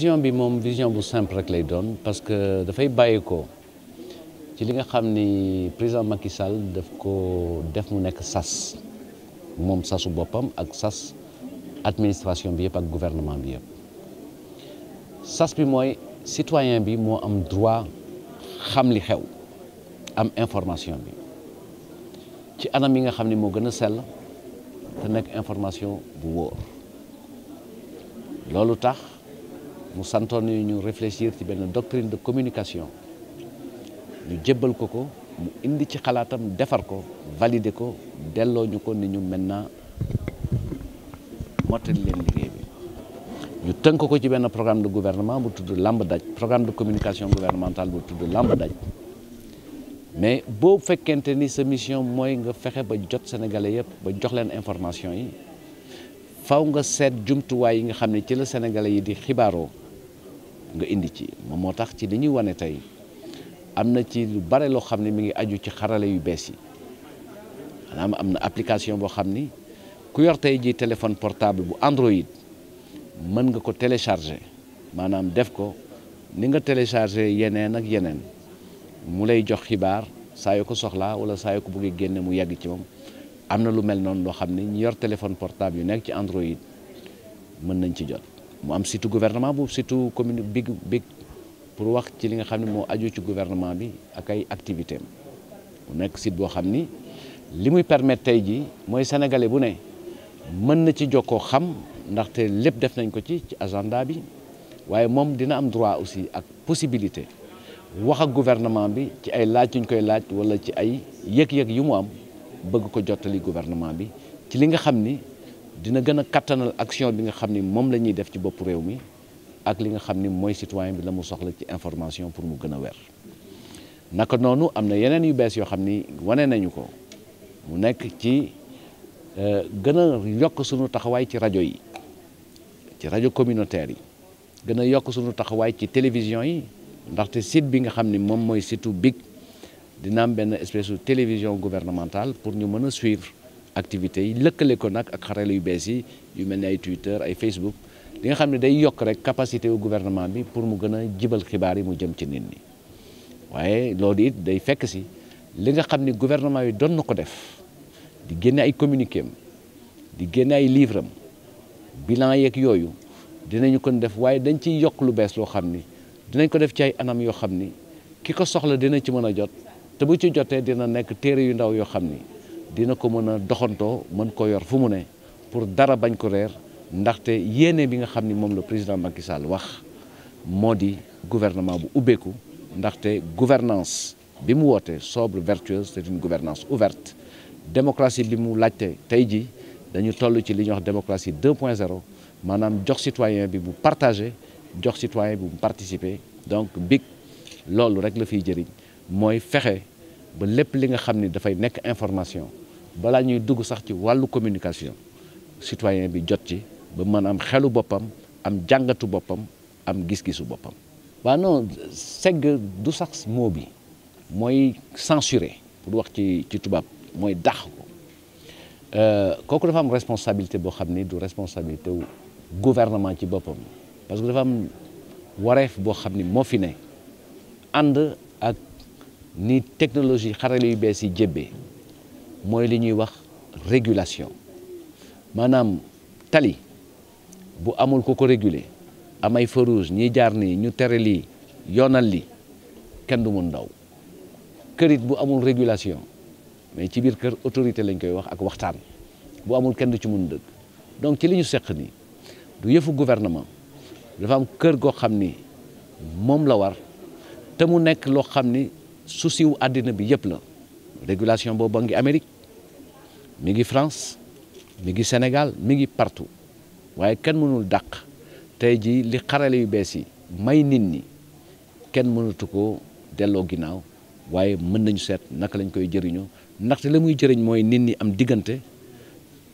vision bi mom vision bu simple rek lay doon parce que da fay bayiko ci li nga xamni président Macky Sall daf ko def mu nek sas moom sasu bopam ak sas administration bi yep ak gouvernement bi yep sas bi moy citoyen bi mo am droit xam li xew am information bi ci anam yi nga xamni mo gëna sel a te information bu wóor loolu tax nous santoon ñu réfléchir ci benn doctrine de communication ñu jébbal ko ko mu indi ci xalaatam defar ko valider ko delloo ñu ko ñu maintenant mottali leen liggéey bi ñu tënk ko ci programme de gouvernement bu tudd làmb daj programme de communication gouvernementale bu tudd làmb daj mais beau fait ni cette mission mooy nga fexe ba jot sénégalais yëpp ba jox leen information yi faw nga seet jumtuwaay yi nga xam ne ci la sénégalais yi di xibaaroo nga indi ci moom moo tax ci li ñuy wane tey am na ci lu bare loo xam ne mi ngi aju ci xarala yu bees yi maanaam am na application boo xam ni ku yor tey ji téléphone portable bu Android mën nga ko télécharger maanaam def ko ni nga télécharger yeneen ak yeneen mu lay jox xibaar saa yoo ko soxlaa wala saa yoo ko bëggee génne mu yàgg ci moom am na lu mel noonu loo xam ne ñu yor téléphone portable yu nekk ci Android mën nañ ci jot mu am surtout gouvernement boobu surtout commune big big pour wax ci li nga xam ne moo aju ci gouvernement bi ak ay activité am mu nekk site boo xam ni li muy permettre tey jii mooy sénégalais bu ne mën na ci jokkoo xam ndaxte lépp def nañ ko ci ci agenda bi waaye moom dina am droit aussi ak possibilité wax ak gouvernement bi ci ay laaj yu ñu koy laaj walla ci ay yëg-yëg yu mu am. bëgg ko jottali gouvernement bi ci li nga xam ni dina gën a action bi nga xam ni moom la ñuy def ci bopp réew mi ak li nga xam ni citoyen bi la mu soxla ci information pour mu gën a weer naka noonu am na yeneen yu bees yoo xam ni wane nañu ko mu nekk ci euh, gën a yokk sunu taxawaay ci rajo yi ci rajo communautaire yi gën a yokk sunu taxawaay ci télévision yi ndaxte site bi nga xam ni moom mooy site dina am benn espèce de télévision gouvernementale pour ñu mën a suivre activités yi lëkkale ko nag ak xarala yu bees yi yu mel ni ay Twitter ay Facebook li nga xam ne day yokk rek capacité wu gouvernement bi pour mu gën a jibal xibaar yi mu jëm ci nit ñi waaye loolu it day fekk si li nga xam ni gouvernement yi doon na ko def di génne ay communiqué am di génne ay livre am bilan yeeg yooyu dinañu kon def waaye dañ ci yokk lu bees loo xam ni dinañ ko def ci ay anam yoo xam ni ki ko soxla dina ci mën a jot. te bu ci joté dina que yu ndaw dina ko pour dara ko bi nga président Macky Sall wax gouvernement gouvernance sobre vertueuse c'est une gouvernance ouverte démocratie bi mu dañu démocratie 2.0 Nous jox citoyen bi bu partagé jox citoyen participer donc big loolu rek la fiy jëriñ ba lépp li nga xam ni dafay nekk information balaa ñuy dugg sax ci wàllu communication citoyen bi jot ci ba mën am xelu boppam am jàngatu boppam am gis-gisu boppam. waaw non segg du sax mot bi mooy censurer pour wax ci ci tubaab mooy dàq ko euh, kooku dafa am responsabilité boo xam ni du responsabilité gouvernement ci boppam parce que dafa am wareef boo xam ni moo fi ne ànd ak ni technologie xarale yu bees yi jébbee mooy li ñuy wax régulation maanaam tali bu amul ku ko réguler am ay feu rouge ñiy jaar nii ñu tere lii li kenn du mun ndaw kërit bu amul régulation mais ci biir kër autorité lañ koy wax ak waxtaan bu amul kenn du ci mun dëgg donc ci li ñu seq nii du yëfu gouvernement dafa am kër goo xam ni moom la war te mu nekk loo xam ni souci wu àddina bi yëpp la régulation boobu ngi Amérique mi ngi France mi ngi Sénégal mi ngi partout waaye kenn mënul dàq tey jii li xarale yu bees yi may nit ñi kenn mënatu ko delloo ginnaaw waaye mën nañu seet naka lañ koy jëriñoo ndaxte la muy jëriñ mooy nit ñi am diggante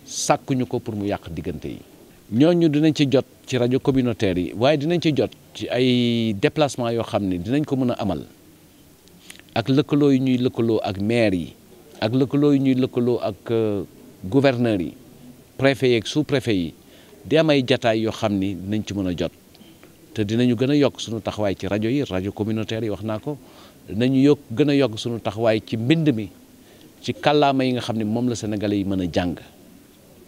sàkkuñu ko pour mu yàq diggante yi. ñooñu dinañ ci jot ci rajo communautaire yi waaye dinañ ci jot ci ay déplacement yoo xam ne dinañ ko mën a amal. ak lëkkaloo yu ñuy lëkkaloo ak maire yi ak lëkkaloo yi ñuy lëkkaloo ak euh, gouverneur yi préfet yeeg sous yi di ay jataay yoo xam ni dinañ ci mën a jot te dinañu gën a yokk sunu taxawaay ci rajo yi rajo communautaire yi wax naa ko dinañu yokk gën a yokk suñu taxawaay ci mbind mi ci kàllaama yi nga xam ne moom la sénégalais yi mën a jàng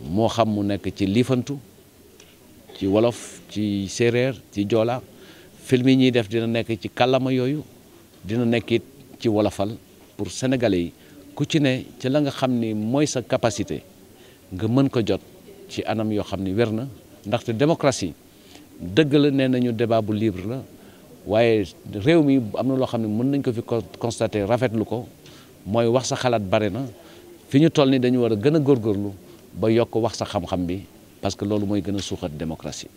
moo xam mu nekk ci liifantu ci wolof ci séeréer ci joola film yi ñuy def dina nekk ci kàllaama yooyu dina nekk ci wolofal pour sénégalais yi ku ci ne ci la nga xam ni mooy sa capacité nga mën ko jot ci anam yoo xam ni wér na ndaxte démocratie dëgg la nee nañu débat bu libre la waaye réew mi am na loo xam ne mën nañ ko fi constater rafetlu ko mooy wax sa xalaat bare na fi ñu toll ni dañu war a gën a góorgóorlu ba yokk wax sa xam-xam bi parce que loolu mooy gën a suuxat démocratie